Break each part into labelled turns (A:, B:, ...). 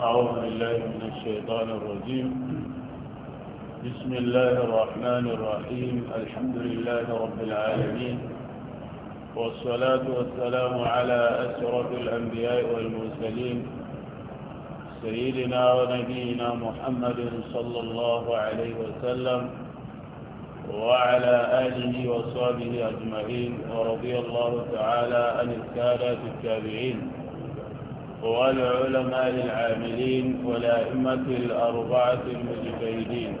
A: أعوذ بالله من الشيطان الرجيم بسم الله الرحمن الرحيم الحمد لله رب العالمين والصلاة والسلام على أسرة الأنبياء والمرسلين سيدنا ونبينا محمد صلى الله عليه وسلم وعلى آله وصحبه أجمعين ورضي الله تعالى عن السادة التابعين والعلماء العاملين والأئمة الأربعة المجتهدين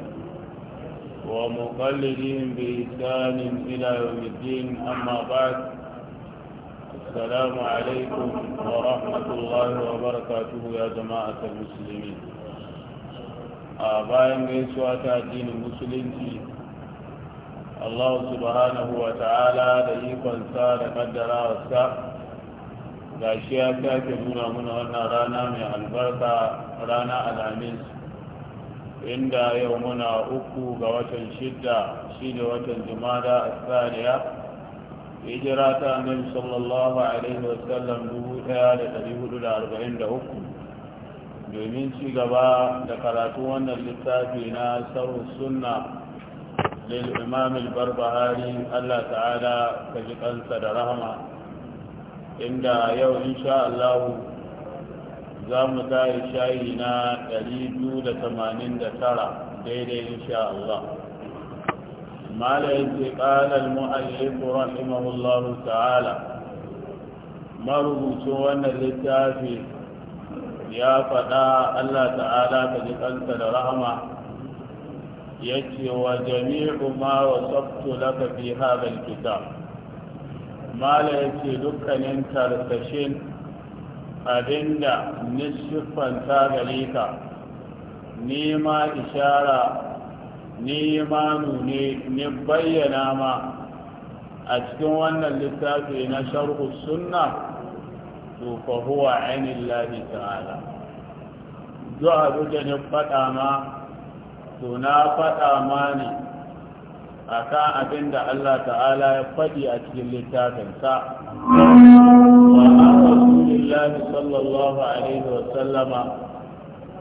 A: ومقلدين بإحسان إلى يوم الدين أما بعد السلام عليكم ورحمة الله وبركاته يا جماعة المسلمين أبايم غيسوة دين المسلمين الله سبحانه وتعالى ليقنصار قدر وسعر gashi ya sake nuna muna wannan rana mai albarka rana alhamis inda yau muna uku ga watan shidda shine watan jumada a tsariya hijira ta annabi sallallahu alaihi sallam dubu daya da dari hudu da arba'in da uku domin ci gaba da karatu wannan littafi na sarhu sunna lil imam al-barbahari Allah ta'ala ka ji kansa da rahama inda yau insha Allah za mu tayi shayi na 289 daidai insha Allah mala yake ƙalar rahimahullah ta'ala marubucin wannan littafi ya faɗa Allah ta'ala ka ji kanta da rahama ce wa jami'u ma wasaftu laka fi hadha al-kitab mala ya ce dukkanin karkashin abinda nishifanta gare ka nema ishara nema nune ne bayyana ma a cikin wannan littafi na sharhu sunna to fa huwa ainihin ta'ala zuwa abin ne ni ma to na faɗa ma ne a ka abin da Allah ta'ala ya faɗi a cikin littafinsa wa an rasulillahi sallallahu alaihi wa sallama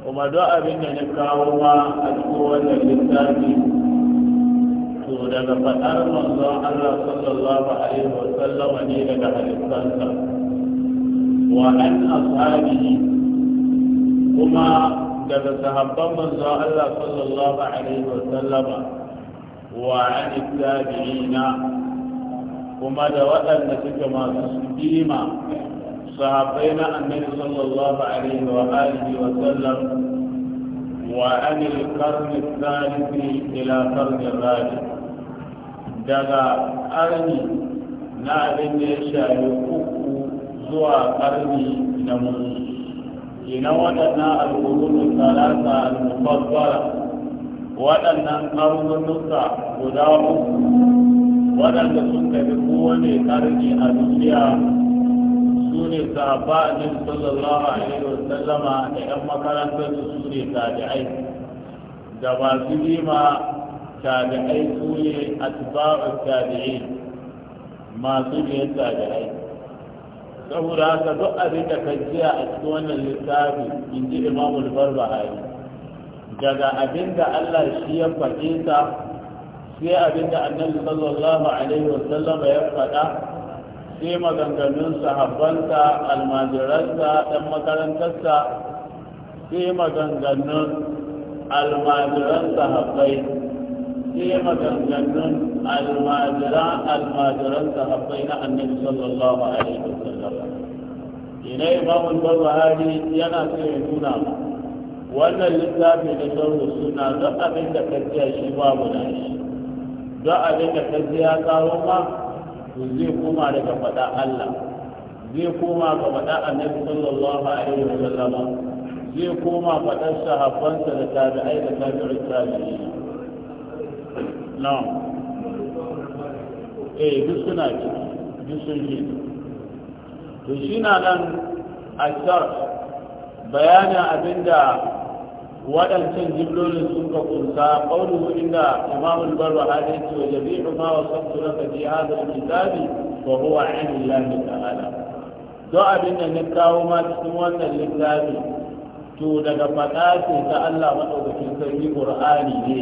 A: kuma duk abin da na kawo ma a cikin wannan littafi to daga faɗar manzon Allah sallallahu alaihi wa sallama ne daga halittansa wa an ashabihi kuma daga sahabban manzon Allah sallallahu alaihi wa sallama wa an tabi'ina kuma da waɗanda suka masu kima sahabbai na annabi sallallahu alaihi wa alihi wa sallam wa an al-qarn al-thalith ila qarn al-rabi daga ƙarni na abin da ya shafi uku zuwa ƙarni na mutu ina waɗannan al-qurun al-thalatha al-mufaddala waɗannan ƙarfinnuka guda uku waɗanda sun kafi kowane ƙarfi a duniya su ne sahaba annabi sallallahu alaihi wa sallama da ƴan makarantar su ne tabi'ai da masu ma tabi'ai su ne atba'u tabi'i masu biyan tabi'ai saboda haka duk abin da ka a cikin wannan littafi in ji imamul yi. daga abinda Allah shi ya faɗe sa sai abinda annabi sallallahu alaihi wasallam ya faɗa sai maganganun sahabbansa almajiransa ɗan makarantarsa sai maganganun almajiran sahabbai sai maganganun almajiran almajiran sahabbai na annabi sallallahu alaihi wasallam ina imamul bazahari yana so ya nuna wannan littafi da sauru suna don abin da ka jiya shi babu na shi Don abin da ka jiya karo ma zai koma daga faɗa Allah zai koma ga faɗa annabi sallallahu alaihi wa sallama zai koma faɗar sahabbansa da tabi'ai da tabi'in tabi'i na'am eh duk suna ci duk sun ji to shi na nan a shar bayanin abinda waɗancan jimlolin sun ka kunsa ƙaunuhu inda imamul barwa hadi ce wa jami'u ma wa sabtu laka fi hadha al-kitabi wa huwa 'inda Allah ta'ala don abin da na kawo ma cikin wannan littafi to daga faɗa ce ta Allah madaukakin sarki Qur'ani ne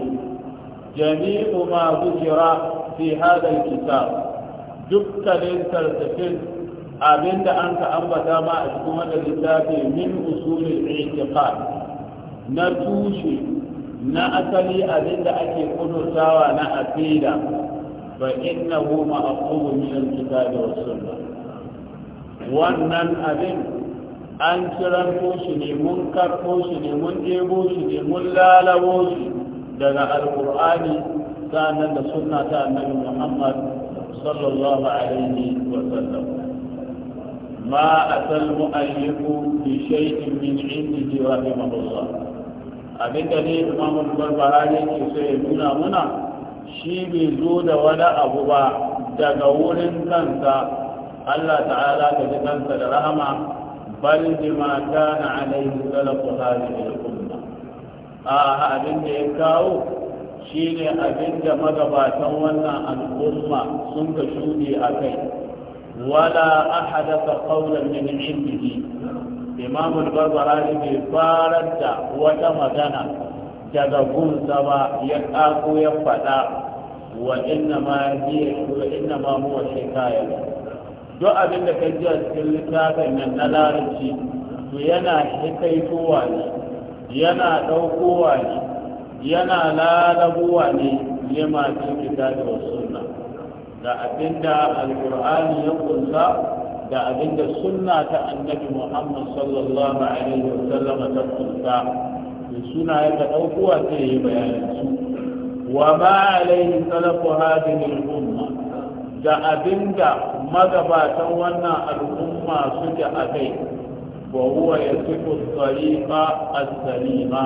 A: jami'u ma zikira fi hadha al-kitab dukkanin tartafin abin da an ka ambata ma a cikin wannan littafi min usulul i'tiqad na tushe na asali abin da ake kudurtawa na aqida fa innahu ma'qubu min al-kitabi was sunnah wannan abin an ciranto shi ne mun karko shi ne mun ɗebo shi ne mun lalabo shi daga alƙur'ani sanan da sunna ta annabi muhammad sallallahu alaihi wa sallam ma asal mu'allifu bi shay'in min indihi rahimahullah Abin da ne imamun ne ke so ya nuna muna shi bai zo da wani abu ba daga wurin kansa allah ta'ala ka ji kansa da rahama bal bima na alaihi salafu hadhihi da kuma a abin da ya kawo shine abin da magabatan wannan al'umma sun ka shuɗe a kai wala ahadaka qawlan min indihi Limamin bazarari bai farar da wata magana daga gunsa ba ya ƙaƙo ya faɗa wa inna ma yi wa inna ma huwa shikaya duk abin da ka ji a cikin littafin nan na larabci to yana hikaitowa ne yana ɗaukowa ne yana lalabuwa ne lima cikin kitabin sunna da abinda alƙur'ani ya kunsa da abinda sunna ta annabi muhammad sallallahu alaihi wa wasallam ta kunsa da suna ya ka ɗaukowa sai ya yi bayanin su wa ma alaihi salafu hadin umma da abin da magabatan wannan al'umma suke a kai wa huwa ya sifu tsariƙa as-salima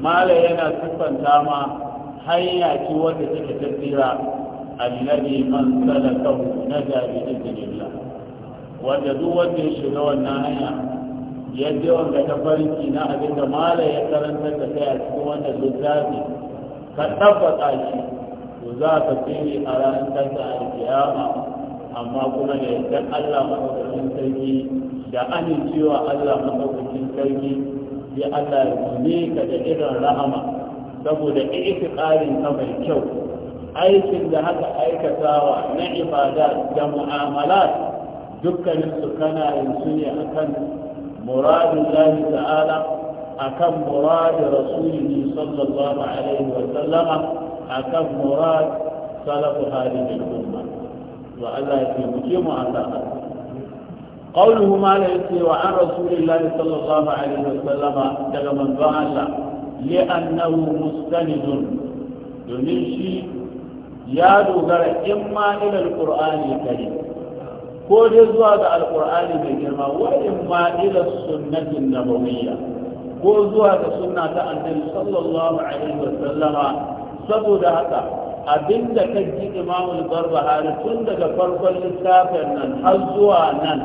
A: mala yana siffanta ma hanya ce wadda take tattira allazi man salakahu naja bi idnillah wanda duk wanda ya shiga wannan hanya yadda wanda ta farki na abin da mala ya karanta da kai a cikin wannan littafi ka tabbata shi to za ka tsere a ranar kanta kiyama amma kuma da yadda Allah madaukakin sarki da amincewa Allah madaukakin sarki sai Allah ya gune ka da irin rahama saboda ƙarin ka mai kyau aikin da haka aikatawa na ibada da mu'amalat dukkanin su kana yin su ne akan muradin lahi ta'ala kan muradin rasulihi sallallahu alaihi wa sallama kan murad salafu da umma wa Allah ya taimake mu a akan قوله ما ليس وعن رسول الله صلى الله عليه وسلم daga manzon Allah li'annahu mustanidun domin shi ya dogara in ma ila alqur'ani karim ko dai zuwa ga alkur'ani mai girma wa imma ila sunnatin nabawiyya ko zuwa ga sunna ta annabi sallallahu alaihi wa sallama saboda haka abinda ka ji imamu al-barbahari tun daga farkon littafin nan har zuwa nan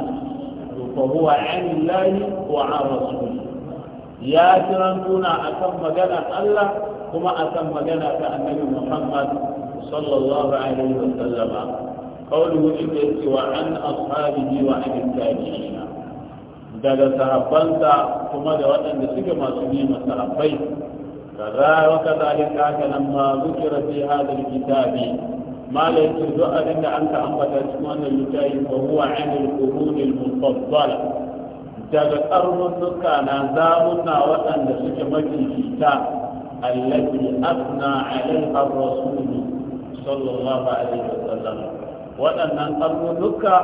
A: to fa huwa an lahi wa an rasul ya kiran tuna akan magana Allah kuma akan magana ta annabi Muhammad sallallahu alaihi wa sallama قوله إبليس وعن أصحابه وعن التابعين daga sahabbansa kuma da waɗanda suke masu neman sahabbai kaza wa kazalika haka nan ma zukira fi hadha alkitabi ma la yuzu abin da ka ambata cikin wannan littafi fa huwa an alqurun almufaddala daga karnun suka na zamunna waɗanda suke mafifita allati asna alaiha rasulu sallallahu alaihi wasallam waɗannan tsarnuka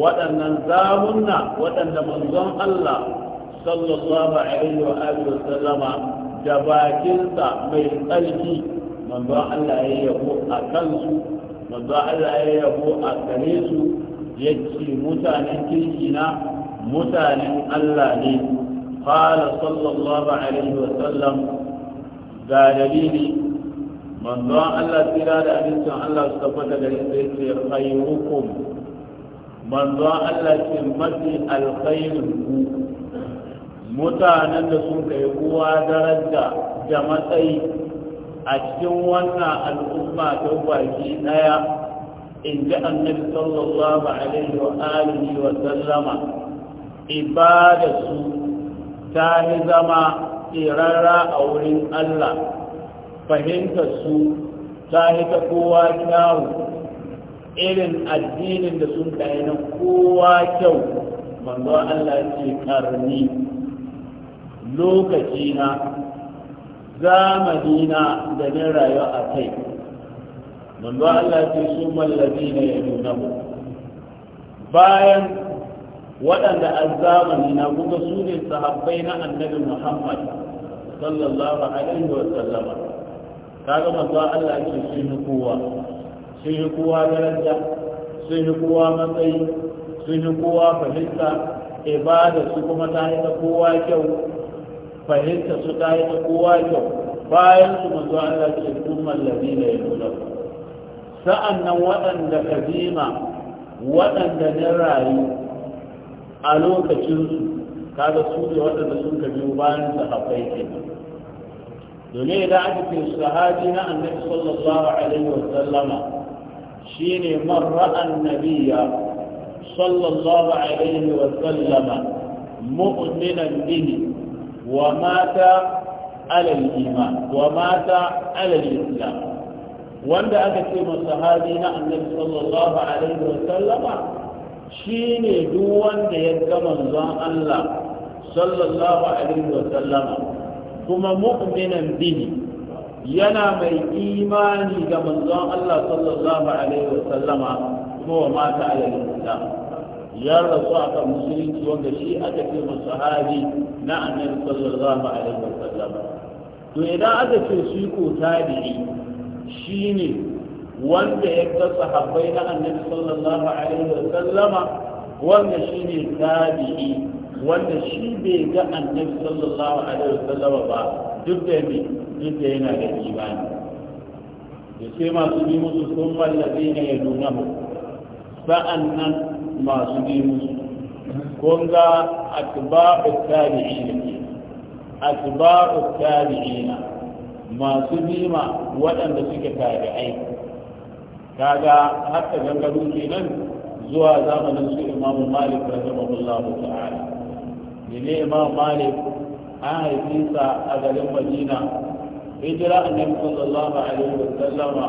A: waɗannan zamunna waɗanda manzon Allah sallallahu alaihi wa alihi wa sallama da bakinsa mai tsarki manzon Allah ya yabo a kansu manzon Allah ya yabo a gare su yace mutanen kirki na mutanen Allah ne qala sallallahu alaihi wa sallam ga dalili manzon Allah tsira da abincin Allah su tabbata gare su yace khairukum manzo Allah ce mafi alkhairin ku mutanen da sun kai kowa daraja da matsayi a cikin wannan al'umma ta baki daya in ji annabi sallallahu alaihi wa alihi wa sallama ibadatu ta yi zama tsirarra a wurin Allah fahimtar su ta ta kowa kyawu irin addinin da sun kai na kowa kyau manzo Allah ce karni lokaci na zamani na da ni rayuwa a kai manzo Allah ce su mallabi ne ya nuna bayan waɗanda zamani na kuma su ne sahabbai na annabi Muhammad sallallahu alaihi wa sallama kaga manzo Allah ya ce sun yi kowa sun yi kowa daraja sun yi kowa matsayi sun yi kowa fahimta ibada su kuma ta yi ta kowa kyau fahimta su ta yi ta kowa kyau bayan su manzo Allah ya ce kuma ladina Sa'an nan waɗanda kadima waɗanda na rayu a lokacinsu kaga su ne waɗanda sun ka biyo bayan sahabbai kenan domin idan aka ce sahabi na annabi sallallahu alaihi wa sallama shine man ra'a annabiya sallallahu alaihi wa sallama mu'minan bihi wa mata ala iman wa mata ala islam wanda aka ce masa sahabi na annabi sallallahu alaihi wa sallama shine duk wanda ya ga manzon Allah sallallahu alaihi wa sallama kuma mu'minan bihi yana mai imani ga manzon Allah sallallahu alaihi wa sallama kuma wa mata alaihi islam ya rasu kan musulunci wanda shi aka ce sahabi na annabi sallallahu alaihi wa sallama to idan aka ce shi ko tabi'i shine wanda ya ga sahabbai na annabi sallallahu alaihi wa sallama wanda shine tabi'i wanda shi bai ga annabi sallallahu alaihi wasallam ba duk da ne duk da yana da imani ya ce masu bi musu sun wallafi ne ya nuna mu sa'an nan masu bi musu kun ga atba'u tabi'ina ne atba'u tabi'ina masu bima waɗanda suke tabi'ai kaga haka gangaru kenan zuwa zamanin su imamu malik rahimahullahu ta'ala ne ma malik an haifi sa a garin madina hijira annabi sallallahu alaihi wa sallama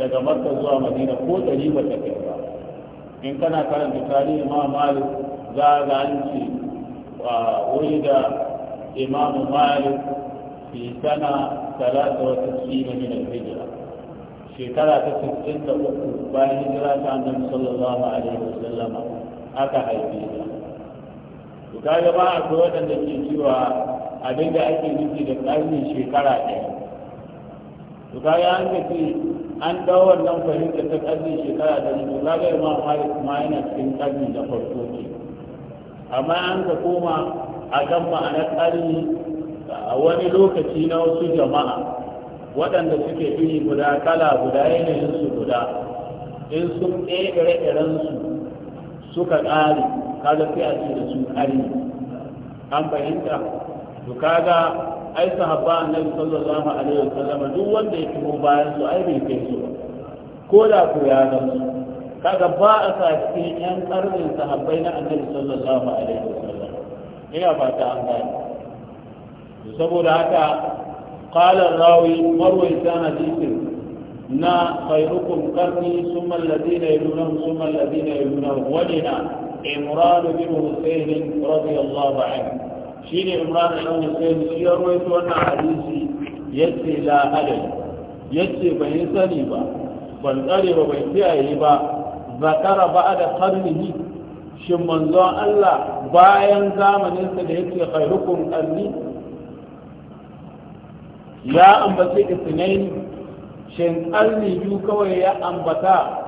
A: daga makka zuwa madina ko dari ba ta kai ba in kana karanta tarihi ma malik za ga an ce wuri da imam malik fi sana talata wa tasiri min al shekara ta 63 bayan hijira ta annabi sallallahu alaihi wa sallama aka haife ta to kaga ba a ga waɗanda ke cewa abin da ake nufi da ƙarni shekara ɗaya to ga an ga ce an dawo wannan fahimta ta ƙarni shekara ɗaya to kaga imam malik ma yana cikin ƙarni da farko ce amma an ka koma a kan ma'anar ƙarni a wani lokaci na wasu jama'a waɗanda suke iri guda kala guda yanayinsu guda in sun ɗaya ire su suka ƙare kaga sai a ce da su ari. an fahimta to kaga ai sahabba annabi sallallahu alaihi wasallam duk wanda ya shigo bayan su ai bai kai su ba ko da ku ya ga su kaga ba a sa cikin yan karnin sahabbai na annabi sallallahu alaihi wasallam ina fata an gane saboda haka قال الراوي مروي كان حديث na khairukum qarni summa alladhina yalunahum summa alladhina yalunahum wadina imran bin husayn radiyallahu anhu shine imran bin husayn shi ya rawaito wannan hadisi yace la adal yace bai sani ba ban tsare ba bai kiyaye ba zakara ba da karnihi shin manzon Allah bayan zamaninsa da yake khairukum qarni ya ambace isnaini shin qarni biyu kawai ya ambata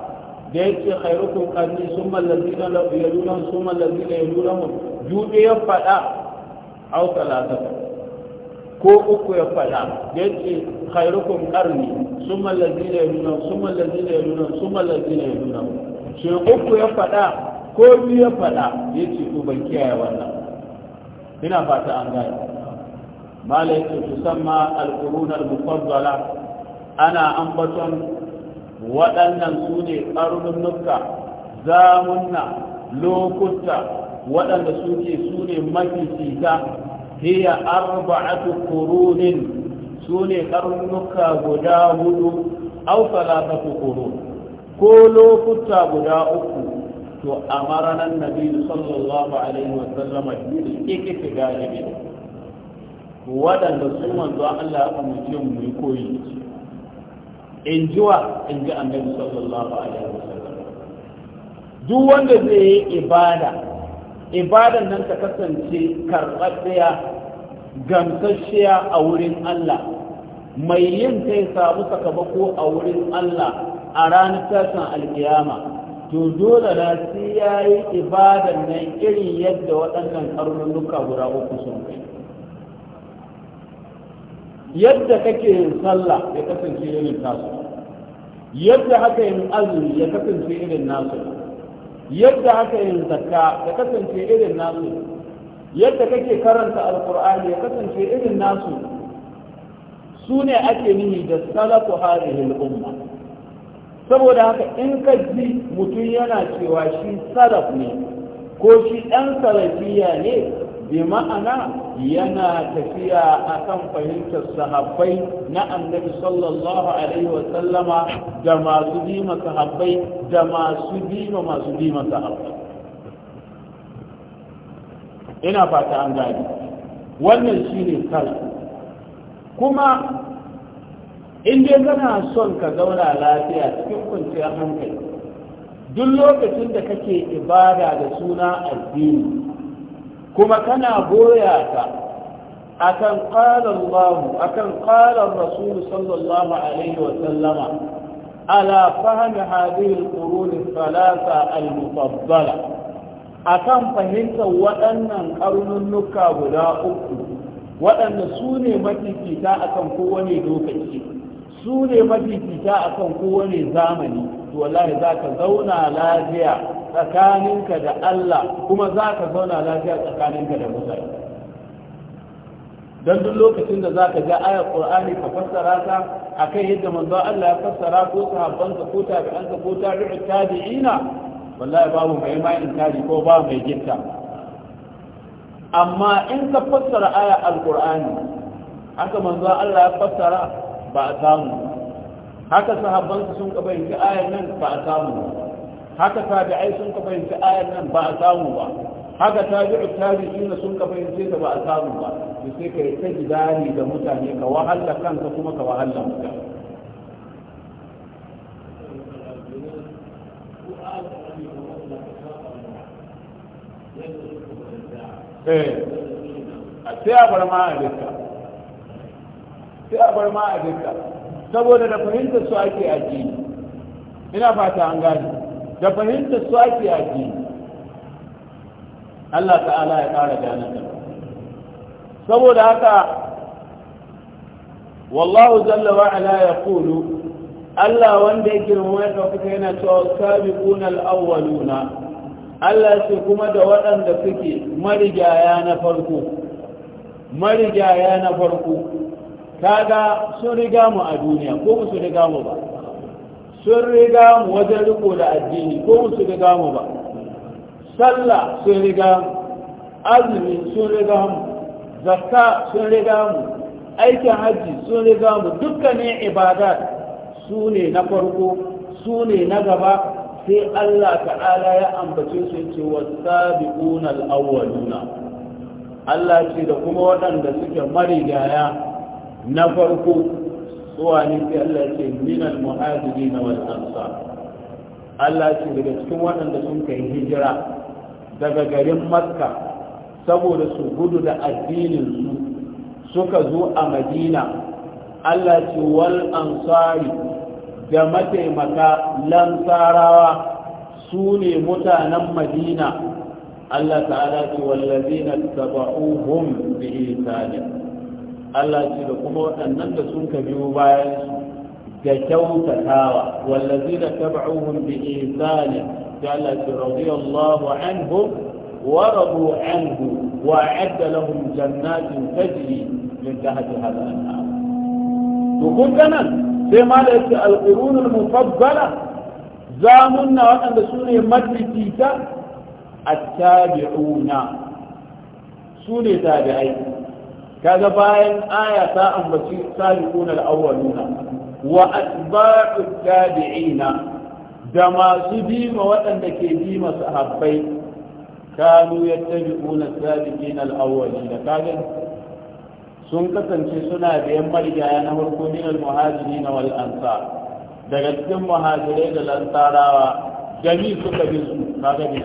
A: da yake khairukum qarni summa alladhina la yalunahum summa alladhina yalunahum jude ya fada aw talata ko uku ya fada da yake khairukum qarni summa alladhina yalunahum summa alladhina yalunahum summa alladhina yalunahum shi uku ya fada ko biyu ya fada yace ko ban kiyaye wannan ina fata an gane malai tusamma al-qurun al-mufaddala ana ambaton waɗannan su ne ƙarnunnuka zamunna lokuta waɗanda suke su ne mafi cita hiya arba'atu qurunin su ne ƙarnuka guda hudu au salatatu qurun ko lokuta guda uku to amara nan nabi sallallahu alaihi wa sallama bil ikiti galibi waɗanda su manzo Allah ya amince mu koyi in wa in ji annabi sallallahu alaihi wasallam duk wanda zai yi ibada ibadan nan ta kasance karɓaɗɗiya gamsasshiya a wurin Allah mai yin ta ya samu sakamako a wurin Allah a ranar tashin alkiyama to dole na sai ya yi ibadan nan irin yadda waɗannan karnunuka guda uku sun kai yadda kake yin sallah ya kasance irin nasu? yadda haka yin azumi ya kasance irin nasu yadda haka yin zakka ya kasance irin nasu yadda kake karanta alkur'ani ya kasance irin nasu su ne ake nihi da salatu hadihil umma saboda haka in ka ji mutum yana cewa shi salaf ne ko shi ɗan salafiya ne bi ma'ana yana tafiya a kan fahimtar sahabbai na annabi sallallahu alaihi wa sallama da masu bima sahabbai da masu bima masu bima sahabbai ina fata an gani wannan shine kala kuma in dai kana son ka zauna lafiya cikin kwanciyar hankali duk lokacin da kake ibada da suna addini kuma kana goya ta akan qala Allah akan qala Rasul sallallahu alaihi wa sallama ala fahmi Hadirin al-qurun thalatha al a kan fahimtar waɗannan nuka guda uku waɗanda su ne a kan kowane lokaci su ne a kan kowane zamani wallahi za ka zauna lafiya tsakaninka da Allah kuma za ka zauna lafiya tsakaninka da mutane don duk lokacin da za ka ga aya ƙur'ani ka fassara ta a kan yadda manzon Allah ya fassara ko sahabbansa ko tabi'ansa ko tabi'u tabi'ina wallahi babu mai ma ko ba mai gitta amma in ka fassara al alƙur'ani haka manzo Allah ya fassara ba a samu haka sahabban sun ka fahimci ayar nan ba a samu ba haka tabi'ai sun ka fahimci ayar nan ba a samu ba haka tabi'u tabi'ina sun ka yanki ta ba a samu ba to sai kai ta gidani da mutane ka wahala kanka kuma ka wahala mutane
B: eh,
A: sai a bar ma a dukka sai a bar ma a dukka saboda da fahimtar su ake aji, ina fata an gani da fahimtar su ake aji, Allah ta'ala ya ƙara janata. saboda haka wallahu jalla wa ala ya kulu Allah wanda ya girma ya ɗaukaka yana cewa sabiquna al-awwaluna Allah ce kuma da waɗanda suke marigaya na farko marigaya na farko kaga sun riga mu a duniya ko musu riga mu ba sun riga mu wajen riko da addini ko musu riga mu ba sallah sun riga mu azumi sun riga mu zakka sun riga mu aikin hajji sun riga mu dukkanin ibada su ne na farko su ne na gaba sai Allah ta'ala ya ambace su ce wasabiqunal awwaluna Allah ce da kuma waɗanda suke marigaya na farko tsuwa ne sai Allah ce minal muhajiri na wal ansar Allah ce daga cikin waɗanda sun kai hijira daga garin makka saboda su gudu da addinin su suka zo a madina Allah ce wal ansari da mataimaka lansarawa su ne mutanen madina Allah ta'ala ce wallazina tabauhum bi ihsanin Allah ce da kuma waɗannan da sun ka biyo bayan su da tawa wallazi da tab'uhum bi ihsani da Allah ce radiyallahu anhu wa radu anhu wa adda lahum jannatin tajri min tahtiha al-anhar to kun ganan sai ma da yake al-qurun al-mufaddala zamunna waɗanda su ne madrikita at-tabi'una su ne tabi'ai kaga bayan aya ta ambaci sabiquna al-awwaluna wa atba'u tabi'ina da masu bima waɗanda ke bima sahabbai kanu yattabi'una sabiqina al da kaga sun kasance suna da yan marigaya na farko min al-muhajirin wal ansar daga cikin muhajirai da lantarawa jami suka bi su kaga bi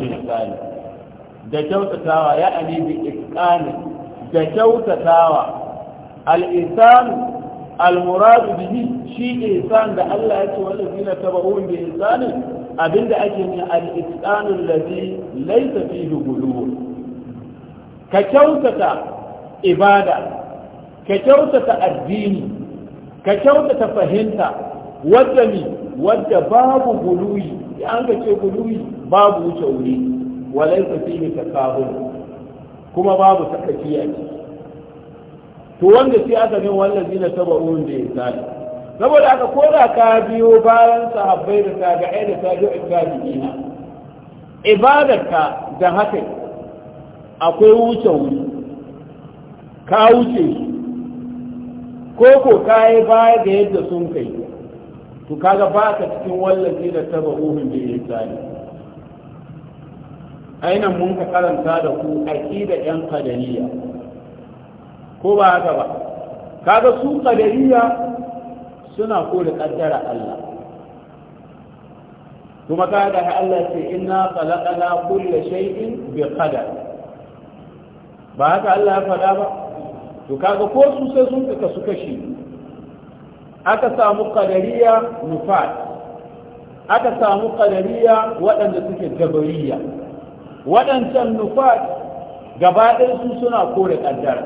A: da kyautatawa ya ani bi iqanin da kyautatawa alisan ihsan al-murad shi da Allah ya ce wanda zina tabaun da ihsan abinda ake ni al-ihsan alladhi laysa fihi ka kyautata ibada ka kyautata addini ka kyautata fahimta wadda ne wadda babu guluyi an ka ce guluyi babu wuce wuri walaysa fihi takabur kuma babu tsakaki a ciki to wanda sai aka min wannan zina taba uwan da insani saboda aka koda ka biyo bayan sahabbai da tabi'ai da tabi'in tabi'ina ibadarka da haka akwai wuce wuce ka wuce ko ko ka yi baya da yadda sun kai to kaga ba ka cikin wallazi da taba uhun da insani ainihin mun ka karanta da ku aƙida 'yan kadariya ko ba haka ba kaga su kadariya suna kore kaddara Allah kuma da Allah ce inna khalaqana kulla shay'in bi qadar ba haka Allah ya faɗa ba to kaga ko su sai sun ka su kashi aka samu kadariya nufat aka samu kadariya waɗanda suke jabariya waɗancan nufat gaba su suna kore ƙaddara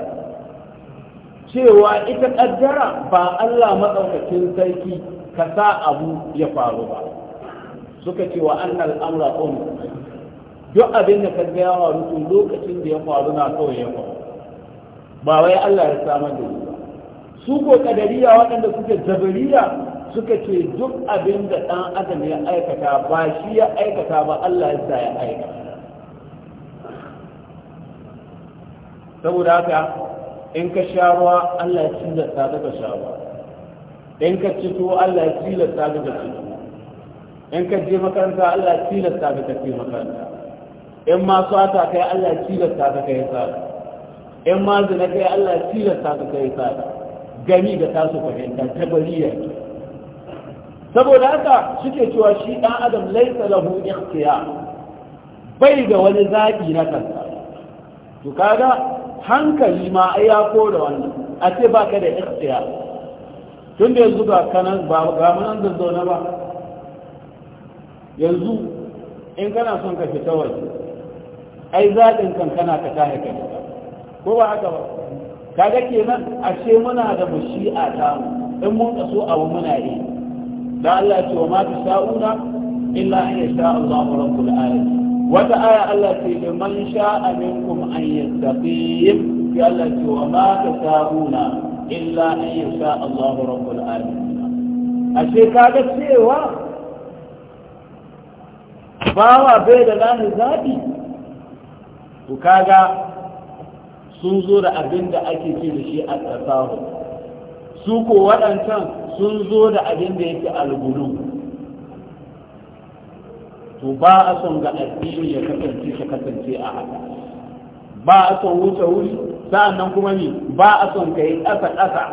A: cewa ita ƙaddara ba Allah maɗaukacin sarki ka sa abu ya faru ba suka ce wa an amra qawm duk abin da kan gaya wa rukun lokacin da ya faru na kawai ya faru ba wai Allah ya samar da ba su ko kadariya waɗanda suke jabariya suka ce duk abin da ɗan adam ya aikata ba shi ya aikata ba Allah ya sa ya aikata saboda haka in ka sha ruwa Allah ya tilasta daga sha ruwa in ka cito, tuwo Allah ya tilasta daga ci in ka je makaranta Allah ya tilasta daga ci makaranta in ma sata kai Allah ya tilasta daga kai sata in ma zina kai Allah ya tilasta daga kai sata gami da tasu fahimta ta bariya saboda haka suke cewa shi dan adam laisa lahu ikhtiyar bai da wani zaɓi na kansa to kaga hankali ma ya kore wannan a ce ba ka da ikhtiya tun da yanzu ga kanan ba ga manan zaune ba yanzu in kana son ka fita waje ai zaɗin kan kana ka tahe ka ko ba haka ba kaga kenan ashe muna da mushi'a ta in mun kaso abu muna yi da Allah ya ce wa ma tasauna illa an yasha Allahu rabbul alamin wata aya Allah ce da man sha'a minkum an yastaqim ya Allah ce wa ma tasabuna illa an yasha Allahu rabbul alamin ashe kaga cewa bawa bai da lani zabi to kaga sun zo da abin da ake ce da shi a tasahu su ko waɗancan sun zo da abin da yake algulu to ba a son ga addini ya kasance shi kasance a haka ba a son wuce wuri sa'annan kuma ni ba a son ka yi ƙasa ƙasa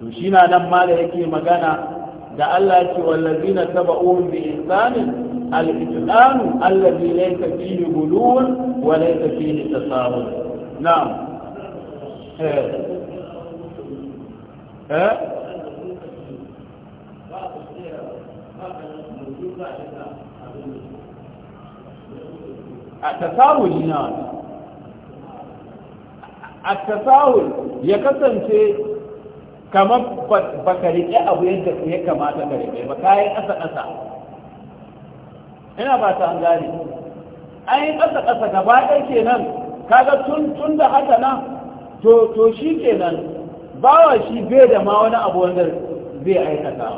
A: to shi na nan ma da yake magana da Allah ya ce wallazina taba'un bi insanin الإتقان الذي ليس فيه wa وليس فيه تصاعد na'am eh eh a tasawuli na a tasawul ya kasance kama ba ka riƙe abu yadda ya kamata ka riƙe ba kayan ƙasa-ƙasa ina ba ta an gane ayin ƙasa-ƙasa ba ɗaya kenan kaga tun tun da haka na to to shi kenan bawa shi bai da ma wani abu wanda zai aikata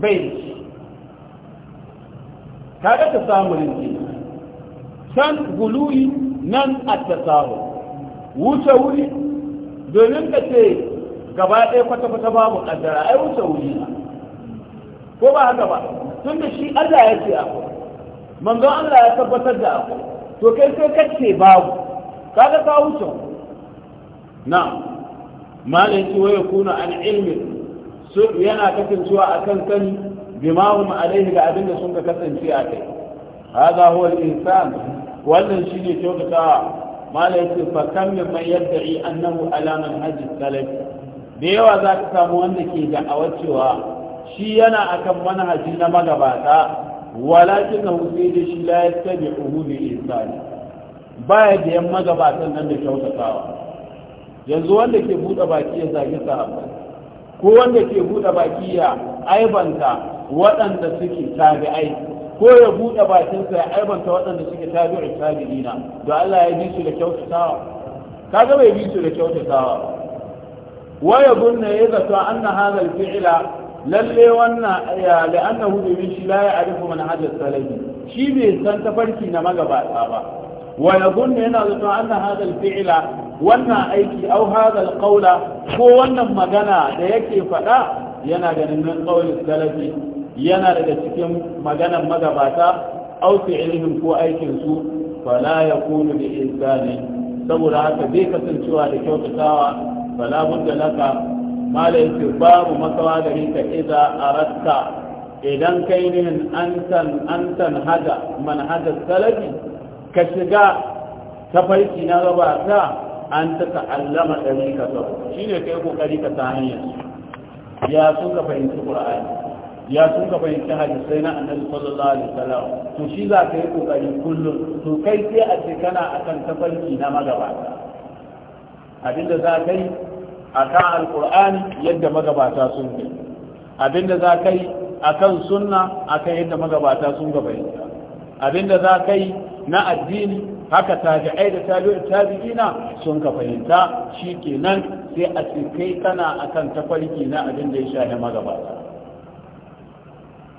A: bai da shi kada ta samu rinki San guluyi nan a ta samu wuce wuri domin ka ce gaba ɗaya kwata-kwata babu ƙaddara ai wuce wuri ba. ko ba haka ba tun da shi Allah ya ce abu manzon Allah ya tabbatar da abu to kai sai ce babu kada ka wuce na malin ci waya kuna an ilmi yana kasancewa akan sani bima hum alaihi ga abin da sun ka kasance a kai hada huwa al-insan wannan shine kyautatawa malai ce fa kam min man yad'i annahu ala manhaj salaf da yawa za ka samu wanda ke da cewa shi yana akan manhaji na magabata walakin na sai da shi la yattabi'uhu bi insani baya da yan magabatan nan da kyautatawa yanzu wanda ke buɗe baki ya zagi sahabbai ko wanda ke buɗe baki ya aibanta waɗanda suke tabi'ai ko ya buɗe bakinsa ya aibanta waɗanda suke tabi'u tabi'ina da Allah ya bi su da kyautatawa kaga bai bi su da kyautatawa wa ya gunna ya zato an na al-fi'la lalle wannan ya la'annahu bi shi la ya'rifu man hadha salafi shi bai san tafarki na magabata ba wa ya gunna yana zato an na al-fi'la wannan aiki au hadal qaula ko wannan magana da yake faɗa yana ganin min qawli salafi yana daga cikin maganan magabata au ilimin ko aikin su fala yakunu bi insani saboda haka bai kasancewa da kyautatawa fala budda laka mala yake babu makawa gare ka idza aratta idan kai ne antan antan hada hada salafi ka shiga tafarki na ta an ta ta'allama ɗari ka sau shi kai kokari ka ta hanyar ya ka fahimci Al-Qur'ani? ya sun ka fahimci hadisai na annabi sallallahu alaihi wasallam to shi za ka yi kokari kullum to kai sai a ce kana akan tafarki na magabata abinda za ka yi akan alqur'ani yadda magabata sun yi abinda za ka yi akan sunna kan yadda magabata sun ga fahimta abinda za ka yi na addini haka tabi'ai da tabi'ai tabi'ina sun ka fahimta shi kenan sai a ce kai kana akan tafarki na abinda ya shafi magabata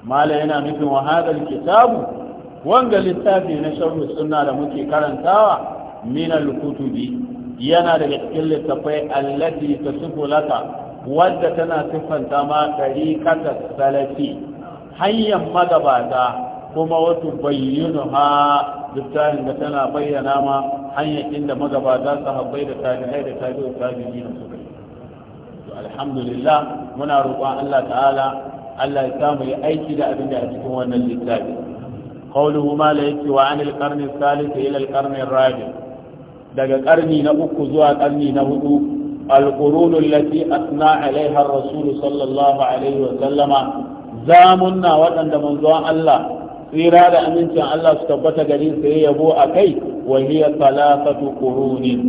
A: mala yana nufin wa hadal kitabu wanga littafi na sharhu sunna da muke karantawa min al-kutubi yana daga cikin littafai allati tasifu laka wadda tana sifanta ma tariqata salafi hanyar magabata kuma wato bayyinu ha littafin da tana bayyana ma hanyar inda magabata sahabbai da tabi'ai da tabi'u tabi'in suka yi alhamdulillah muna roƙon Allah ta'ala Allah ya samu ya aiki da abin da a cikin wannan littafi qawluhu ma la yake wa anil qarni thalith ila al qarni rabi daga karni na uku zuwa karni na hudu al qurun allati asna alaiha ar-rasul sallallahu alaihi wa sallama zamunna waɗanda manzon Allah tsira da amincin Allah su tabbata gari sai yabo a kai wa hiya thalathatu qurunin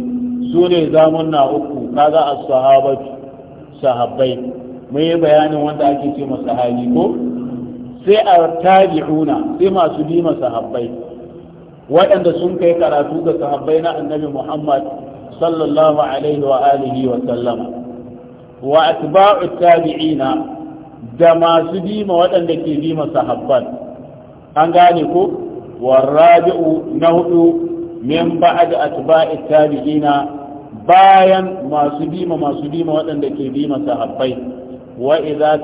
A: sune zamunna uku kaga as-sahabatu sahabbai mun yi bayanin wanda ake ce masa hali ko sai a tabi'una sai masu bi sahabbai waɗanda sun kai karatu ga sahabbai na annabi muhammad sallallahu alaihi wa alihi wa sallama wa atba'u tabi'ina da masu bi waɗanda ke bi sahabban an gane ko warrabi'u na hudu min ba'ad atba'i tabi'ina bayan masu bima masu bima waɗanda ke bima sahabbai وإذا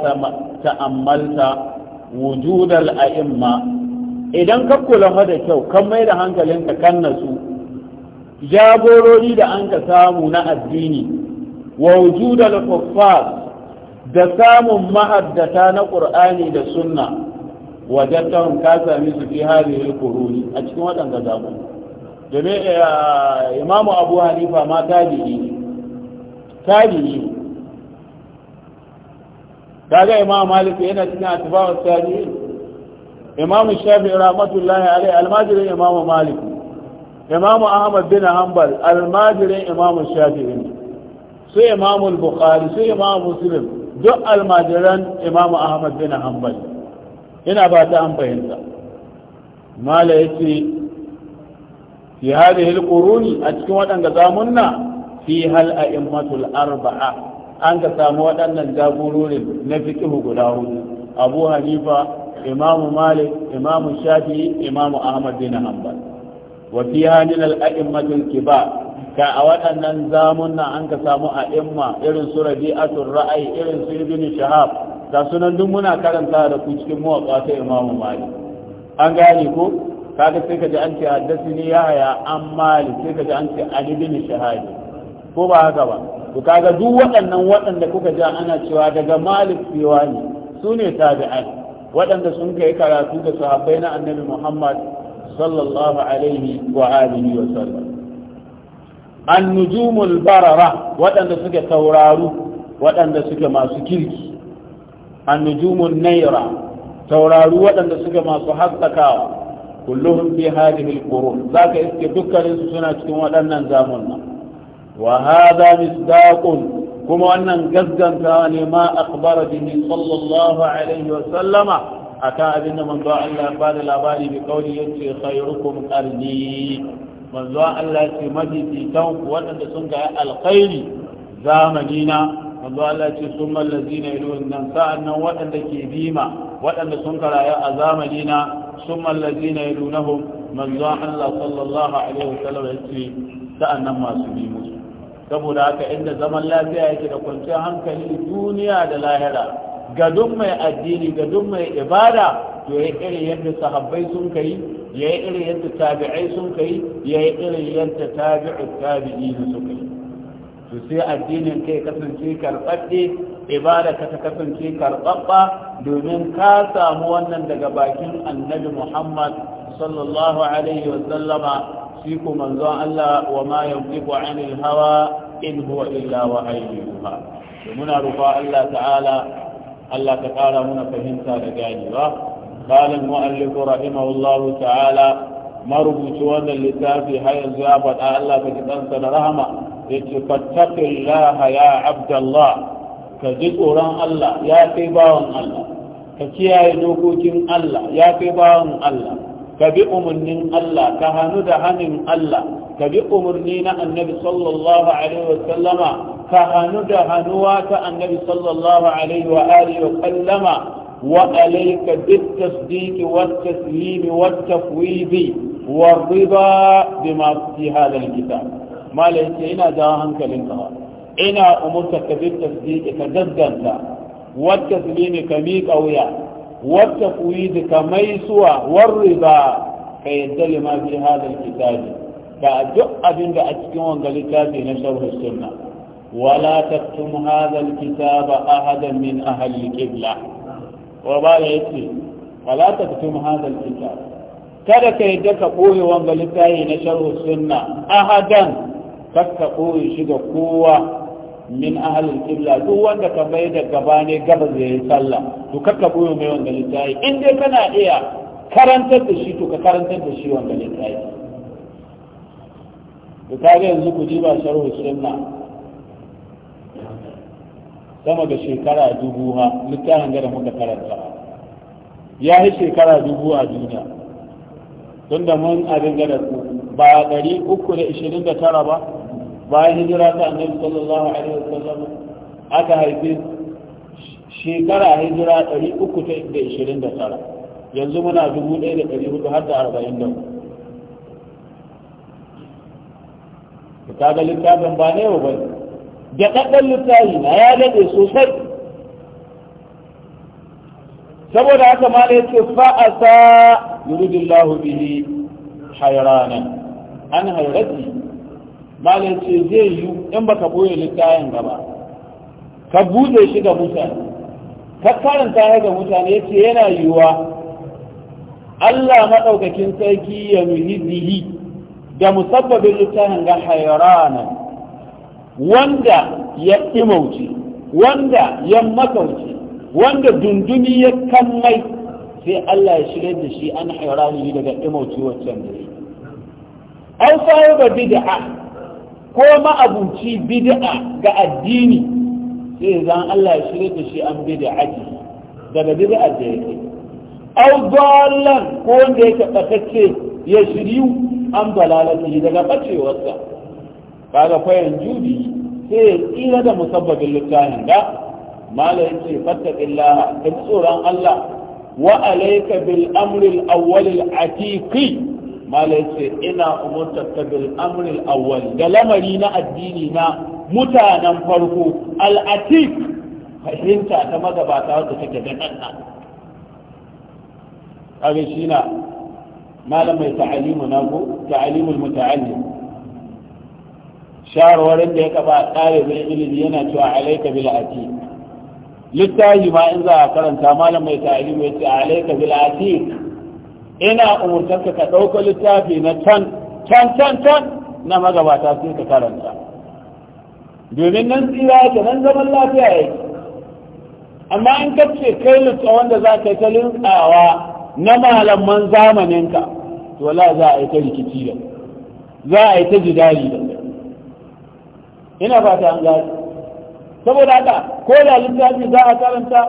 A: تأملت وجود الأئمة idan ka kula fa da kyau kan mai da hankalinka kan nasu jagorori da an ka samu na addini wa wujudal kuffar da samun ma'addata na ƙur'ani da sunna wajattahum ka sami su fi hadhihi al-quruni a cikin waɗanda zamu domin eh, imamu abu hanifa ma tabi'i tabi'i kaga imam malik yana cikin atba'u tabi'in imam shafi'i rahmatullahi alaihi almajirin imam malik imam ahmad bin hanbal almajirin imam shafi'i su imam al-bukhari su imam muslim duk almajiran imam ahmad bin hanbal ina ba ta an fahimta mala yace fi hadhihi al-quruni a cikin waɗanda zamunna fi hal a'immatul arba'a an ka samu waɗannan jagororin na fiƙihu guda hudu abu hanifa imamu malik imamu Shafi, imamu ahmad bin hanbal wa fi hanin al'a'immatul kibar ka a waɗannan zamun an ka samu a imma irin su rabi'atul ra'ayi irin su ibn shahab ga sunan duk muna karanta da ku cikin mawaƙa ta imamu malik an gane ko kaga sai ka ji an ce haddasi ne ya haya an malik sai ka ji an ce ali bin shahadi ko ba haka ba to kaga duk waɗannan waɗanda kuka ji ana cewa daga malik cewa ne su ne tabi'ai waɗanda sun kai karatu da sahabbai na annabi muhammad sallallahu alaihi wa alihi wa sallam annujumul barara waɗanda suke tauraru waɗanda suke masu kirki annujumun naira tauraru waɗanda suke masu haskakawa kulluhum fi hadhihi al-qurun zaka iske dukkaninsu suna cikin waɗannan zamanna wa hadha kuma wannan gaskantawa ne ma akbara bihi sallallahu alaihi wa sallama akan abinda manzo Allah ba da labari bi kauli yace khairukum qarni manzo Allah ce mafi waɗanda sun ga alkhairi zamanina manzo Allah ce summa allazina yalun nan waɗanda ke bima waɗanda sun karaya a zamanina summa allazina yalunahum manzo Allah sallallahu alaihi wa sallam yace sa'annan masu bi saboda haka inda zaman lafiya yake da kwanciyar hankali duniya da lahira ga duk mai addini ga duk mai ibada to ya irin yadda sahabbai sun kai ya irin yadda tabi'ai sun kai ya irin yadda tabi'u tabi'i sun kai to sai addinin kai kasance karɓaɗɗe ibada ka ta kasance karɓaɓɓa domin ka samu wannan daga bakin annabi muhammad sallallahu alaihi wa sallama fiko manzon Allah wa ma yamliku anil hawa in huwa illa wahayyuha muna roƙa Allah ta'ala Allah ta ƙara muna fahimta da ganewa qala al-muallif rahimahullahu ta'ala marubuci wannan littafi har yanzu ya faɗa Allah ka ji ɗansa da rahama ya ce fattaqillaha ya abdallah ka ji tsoron Allah ya kai bawan Allah ka kiyaye dokokin Allah ya kai bawan Allah ka bi umarnin Allah ka hannu da hannun Allah ka bi umarni na annabi sallallahu alaihi wa sallama ka hannu da hannuwa ta annabi sallallahu alaihi wa alihi wa sallama wa alayka bit tasdiq wa taslim wa tafwid wa riba bima fi hadha alkitab malai ina jawo hankalin ka ina umurta ka bit tasdiq ka daddanta wa taslim ka miƙa wuya wata kuyi da ka mai suwa warri ba ka yadda lima fi hadar kitabi ga duk abin a cikin wanga na sharhu sunna wala taktum hadal kitaba ahadan min ahli qibla wa ya yace wala taktum kada ka yadda ka koyi na A sunna ahadan kakka ɓoye shi ga kowa min ahalin kibla duk wanda ka bai da gaba ne gaba zai yi sallah to kakka boye mai wanda littafi in dai kana iya karantar da shi to ka karantar da shi wanda littafi to ka ga yanzu ku ji ba sharhu sunna sama da shekara dubu ha littafin da muka karanta ya yi shekara dubu a duniya tunda mun abin gada ba ɗari uku da ishirin da tara ba bayan hijira ta annabi sallallahu alaihi wasallam aka haife shekara hijira 329 yanzu muna 1400 har da 40 ga littafin ba ne ba bane da ɗaɗɗan littafi na ya daɗe sosai saboda haka ma ne ce fa'asa yuridillahu bihi hayranan an hayrati malin ce zai yi in ba ka boye littafin gaba ka buɗe shi ga mutane ka karanta ya ga mutane ya ce yana yiwuwa Allah maɗaukakin sarki ya zihi da musabbabin littafin ga hayarana wanda ya imauci wanda ya makauci wanda dundumi ya kammai sai Allah ya shirya da shi an hayarani daga imauci waccan da yi an sayo da bid'a ko ma'abuci bid'a ga addini sai zan Allah ya shirya da shi an bid'ati daga bid'a da yake aw dallan ko wanda yake batacce ya shiryu an dalalati daga bacewarsa kaga fayan judi sai ya tsira da musabbabin littafin ga mala yace fattaqillaha ka tsoron Allah wa alayka bil amri al awwal al atiqi malai ce ina umurtar ta bil amril awwal da lamari na addini na mutanen farko Al-Atik. fahimta ta magabata wadda take da kanna kage shi na malam mai ta'alimu na ko ta'alimul muta'allim shawarwarin da ya kaba ɗalibin ilimi yana cewa alaika bil atik littahi ma in za a karanta malam mai ta'alimu ya ce alaika bil atik ina umurtar ka ɗauka littafi na can can can can na magabata sai ka karanta domin nan tsira yake nan zaman lafiya yake amma in ka ce kai lutsa wanda za ka yi ta lintsawa na malaman zamaninka to wala za a yi ta rikici da za a yi ta jidali da ina fata an gaji. saboda haka ko da littafi za a karanta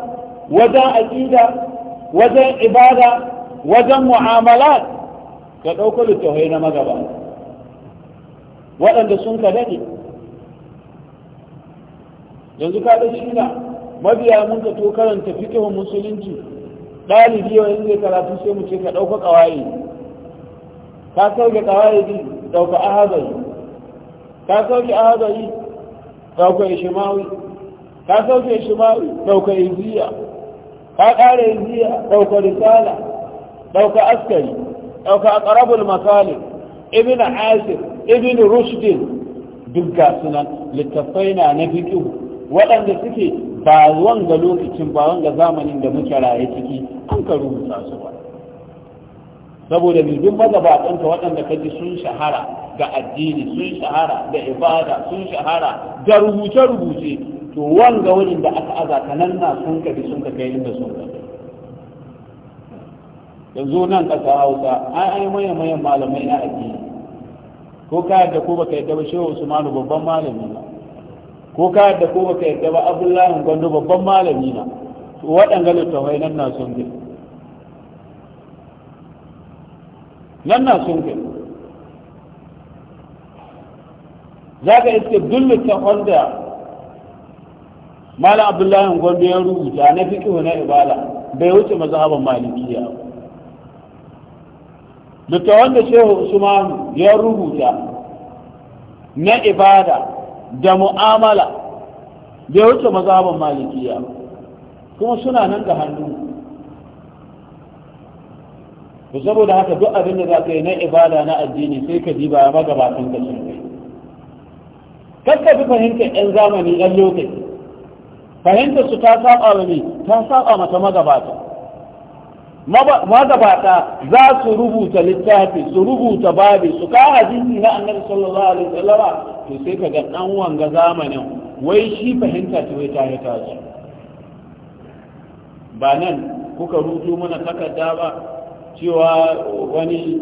A: wajen aƙida wajen ibada wajen mu'amalat ka ɗauko littafai na magaba waɗanda sun ka daɗe yanzu ka ɗan shi na mabiya mun ka to karanta fikihun musulunci ɗalibi yau yanzu zai karatu sai mu ce ka ɗauka ƙawaye ka sauke ƙawaye ɗin ɗauka ahazari ka sauke ahazari ɗauka ishimawi ka sauke ishimawi ɗauka iziya ka ƙara iziya ɗauka risala ɗauka askari ɗauka ƙarabul makali ibn asir ibn rushdin duk ga sunan littattafai na na fiƙihu waɗanda suke ba wanga lokacin ba wanga zamanin da muke raye ciki an ka rubuta su ba saboda duk magabatanka waɗanda ka ji sun shahara ga addini sun shahara da ibada sun shahara da rubuce-rubuce to wanga wurin da aka aza nan na sun ka sun ka kai inda sun ka yanzu nan ƙasa hausa an yi mayan mayan malamai na addini ko ka yadda ko baka yadda ba shehu usmanu babban malami na ko ka yadda ko baka yadda ba abdullahi gondo babban malami na to waɗanda littafai nan na sun gina nan na sun gina za ka iske duk littafan da malam abdullahi gondo ya rubuta na fiƙihu na ibala bai wuce mazhaban malikiya ba Duk da shehu usman ya rubuta na ibada da mu'amala da ya wuce mazhaban malikiya kuma suna nan da hannu to saboda haka duk abin da za ka yi na ibada na addini sai ka diba magabatan ka sun kakka fi fahimtar 'yan zamani 'yan lokaci fahimtar su ta saba wa ne ta saba mata magabata magabata za su rubuta littafi su rubuta babi su ka hadisi na annabi sallallahu alaihi wasallam to sai ka ga dan wanga zamanin wai shi fahimta ta wai tare ta shi. ba nan kuka rubuto mana takarda ba cewa wani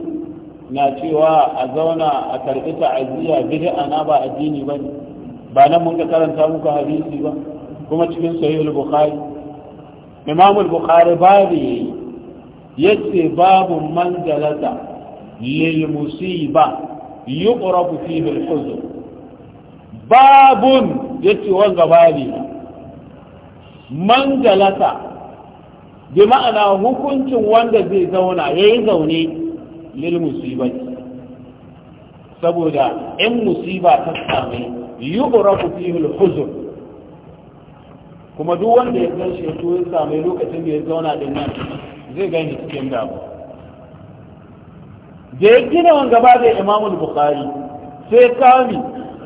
A: na cewa a zauna a karbi ta'aziyya bid'a na ba addini ba ba nan mun ka karanta muku hadisi ba kuma cikin sahih al-bukhari imam al-bukhari babu yayi yace babu manzalata lil musiba yuqrabu fihi al huzn babun yace wanga babi manzalata bi ma'ana hukuncin wanda zai zauna yayi zaune lil musiba saboda in musiba ta same yuqrabu fihi al huzn kuma duk wanda ya gan shi ya same lokacin da ya zauna din nan zai gani cikin damu da ya gina wanga ba da imamul bukhari sai kami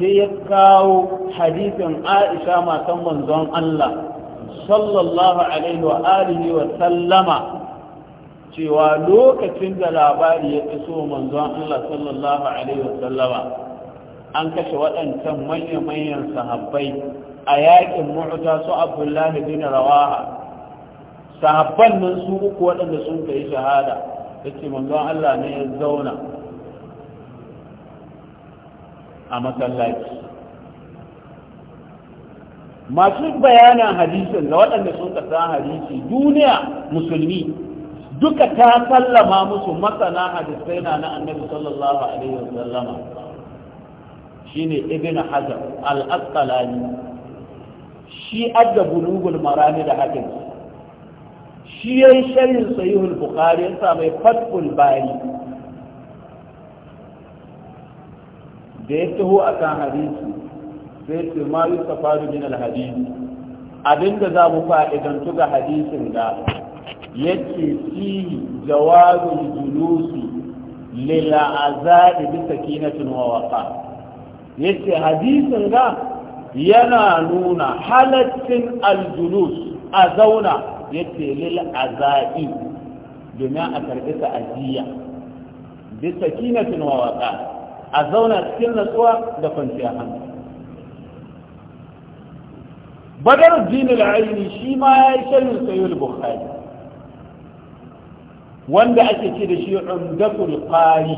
A: sai ya kawo hadisin aisha matan manzon allah sallallahu alaihi wa alihi wa sallama cewa lokacin da labari ya iso manzon Allah sallallahu Alaihi sallama, an kashe waɗancan manya-manyan sahabbai a yakin mu'uta su abdullahi bin rawaha sahabban nan su uku waɗanda sun kai shahada ya ce manzon Allah ne ya zauna a masallaci masu bayanin hadisin da waɗanda sun kasa hadisi duniya musulmi duka ta sallama musu masana hadisai na annabi sallallahu alaihi wa sallama. Shi ne ibn hajar al-asqalani shi adda bulugul marami da hadisi shi ya yi sharhin sahihul bukari ya sa mai fatkul da ya taho a kan hadisi sai ce ma yi safaru min alhadisi abinda za mu fa'idantu ga hadisin da yake fi jawabin julusi lil'azadi bisa sakinatin wa waqa yake hadisin ga yana nuna halaccin aljulus a zauna yake lil azai domin a karbi ajiya. bi sakinatin wa waqa a zauna cikin natsuwa da kwanciyar hankali badar dinul aini shi ma ya yi shayin sayyid bukhari wanda ake ce da shi umdatul qari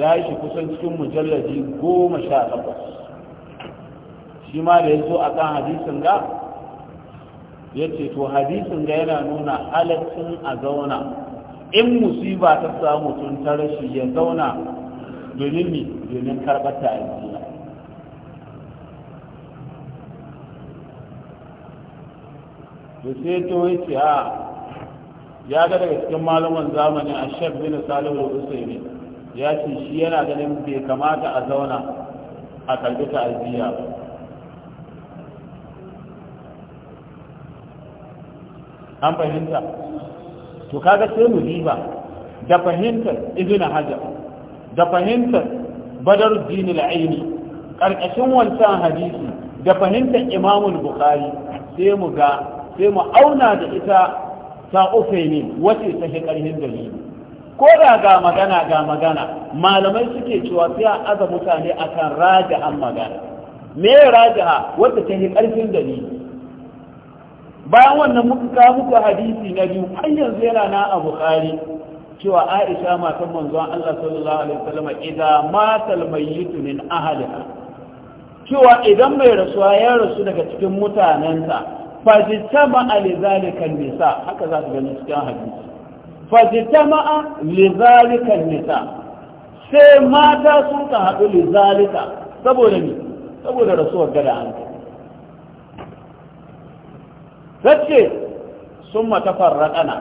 A: ya yi shi kusan cikin mujallaji goma sha takwas shi ma da ya zo a kan hadisin ga ya ce to hadisin ga yana nuna halaccin a zauna in musiba ta samu tun ta rashi ya zauna domin mi domin karɓar ta aljiya da sai to ya ce a ya ga daga cikin malaman zamani a shek bin salihu da usaini ya ce shi yana ganin bai kamata a zauna a karɓi ta aljiya ba an fahimta to kaga sai mu riba da fahimtar ibn hajar da fahimtar Badar al-aini karkashin wancan hadisi da fahimtar imamul bukhari sai mu ga sai mu auna da ita ta ni wace ta shi karhin dalili ko da ga magana ga magana malamai suke cewa sai a aza mutane akan rajihan magana me rajiha Wadda ta yi karfin dalili bayan wannan muka ka muku hadisi na biyu har yanzu yana na a bukhari cewa aisha matan manzon Allah sallallahu alaihi wasallam idan matal mayyitu min ahliha cewa idan mai rasuwa ya rasu daga cikin mutanensa fajitama alizalika nisa haka za ku gani cikin hadisi fajitama lizalika nisa sai mata sun ka haɗu lizalika saboda ni saboda rasuwar gada an kai zace sun matafar raɗana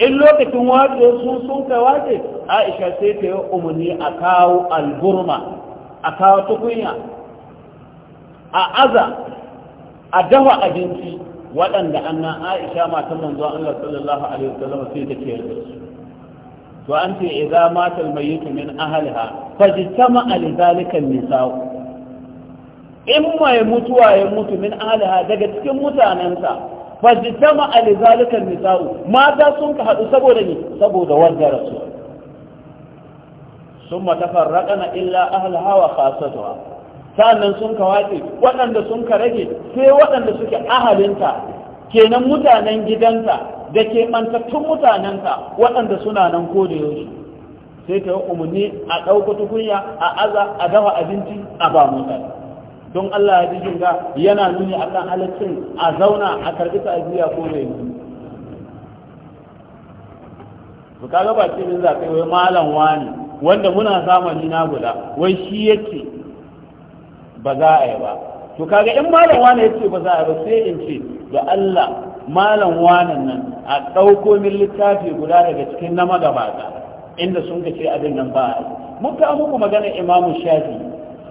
A: in lokacin wace sun sun ka wace aisha sai ta yi umarni a kawo alburma a kawo tukunya a aza a dawa abinci waɗanda annan aisha matan manzon Allah sallallahu alaihi wasallam sai ta ke da su to an ce idza matal mayyitu min ahliha fajtama al zalika nisa'u in mai mutuwa ya mutu min alaha daga cikin mutanensa fajtama alizalika nisa'u mata sun ka hadu saboda ni saboda wanda rasu summa tafarraqana illa ahlaha wa khassatuha sannan sun ka wace waɗanda sun ka rage sai waɗanda suke ahalinta kenan mutanen gidanta da ke mantattun mutanenka waɗanda suna nan ko da yaushe sai ta yi umarni a ɗauka tukunya a aza a dafa abinci a ba mutane don Allah ya jin ga yana nuni akan halaccin a zauna a karbi ajiya ko bai yi su ka ba ce min kai wai malam wani wanda muna zamani na guda wai shi yake ba za a yi ba to kaga in malam wani yace ba za a yi ba sai in ce da Allah malam wani nan a ɗauko min littafi guda daga cikin na magabata inda sun ka ce abin nan ba a yi muka muku magana imamu shafi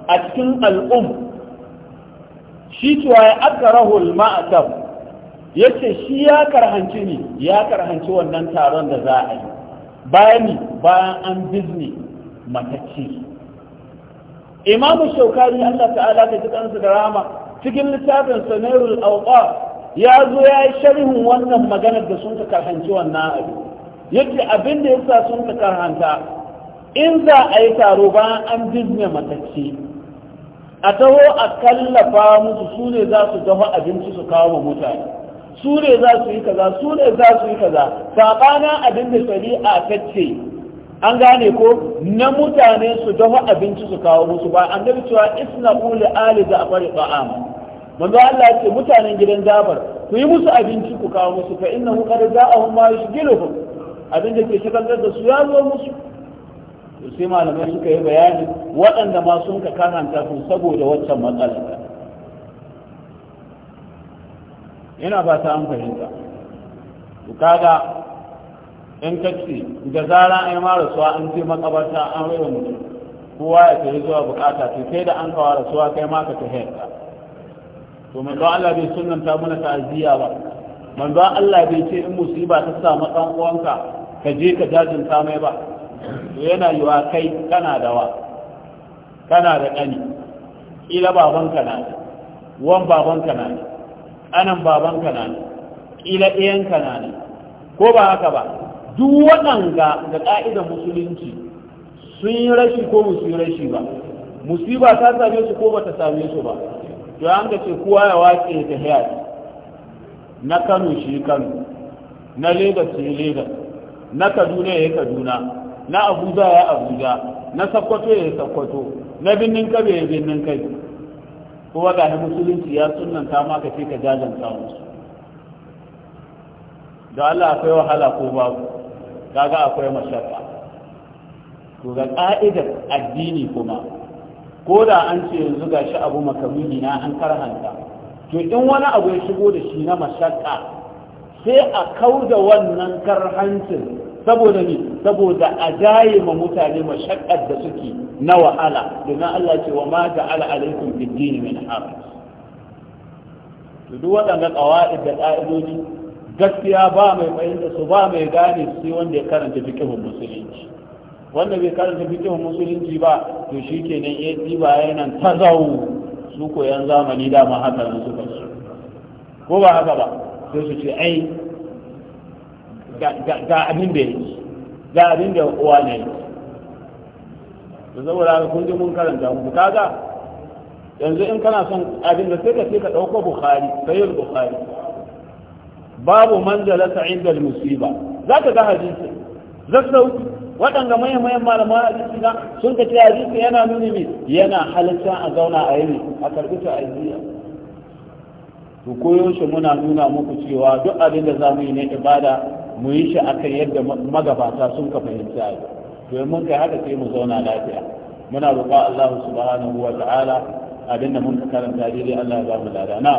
A: a cikin al'um shi cewa ya al ma'atab yace shi ya karhanci ni ya karhanci wannan taron da za a yi bayan ni bayan an bizni matacci imamu shaukari Allah ta'ala ta ji su da rama cikin littafin sanarul awqa ya zo ya yi sharhin wannan maganar da sun ka karhanci wannan abu yadda abin da yasa sun ka karhanta in za a yi taro bayan an bizne matacci a taho a kallafa musu su ne za su dafa abinci su kawo mutane su ne za su yi kaza su ne za su yi kaza saɓana abin da shari'a ta ce an gane ko na mutane su dafa abinci su kawo musu ba an gani cewa isna uli ali da afari ba'am manzo Allah ya ce mutanen gidan Jabar ku yi musu abinci ku kawo musu fa innahu qad za'ahum ma yushghiluhum abin da ke shigar da su ya zo musu to sai malamai suka yi bayani waɗanda ma sun ka karanta su saboda waccan matsala ina ba ta an fahimta to kaga in taxi da zara an yi rasuwa an ce makabarta an rera mutum kowa ya tafi zuwa bukata to kai da an kawo rasuwa kai ma ka tafi to don Allah bai sunnanta mana ta'aziyya ba manzo Allah bai ce in musiba ta samu dan uwanka ka je ka dajin mai ba to yana yiwa kai kana da wa kana da ƙani ƙila babanka na ne wan babanka na ne anan babanka na ne ƙila ɗayanka na ne ko ba haka ba duk waɗanda da ƙa'idar musulunci sun yi rashi ko musu yi rashi ba musiba ta same su ko ba ta same su ba to an ga ce kowa ya wace ta hiyar na kano shi kano na lagos shi lagos na kaduna ya kaduna na abuja ya abuja na Sakwato ya Sakwato, na binnin kabe ya kai ko kowa ga musulunci ya sunanta maka ce ka jajanta musu da Allah akwai wahala ko babu kaga akwai mashaka to ga ka'idar addini kuma ko da an ce yanzu gashi abu makamuni na an karhanta to in wani abu ya shigo da shi na mashaka sai a kauda wannan karhancin saboda ne saboda a jaye ma mutane mashakkar da suke na wahala domin Allah ce wa ma ala alaikum fid min haraj duk waɗanda ƙawa'i da ƙa'idoji gaskiya ba mai fahimta su ba mai gane su sai wanda ya karanta fikihun musulunci wanda bai karanta fikihun musulunci ba to shi shikenan ya tsiba yana tazawu su koyan zamani da ma haka suka ko ba haka ba sai su ce ai ga abin da ya ce ga abin da uwa ne da saboda kun ji mun karanta muku kaga yanzu in kana son abin da sai ka ce ka ɗauko bukhari sayyid bukhari babu manzalata inda musiba za ka ga hadisi zazzau waɗanda mayan malaman hadisi na sun ka ce hadisi yana nuni ne yana halitta a zauna a yi a karɓi ta ajiya to koyaushe muna nuna muku cewa duk abin da za mu yi ne ibada mu yi shi a akan yadda magabata sun ka fahimci a domin mun kai haka sai mu zauna lafiya muna roƙa Allah subhanahu wa ta'ala abinda mun ka karanta daidai Allah ya ba mu lada na.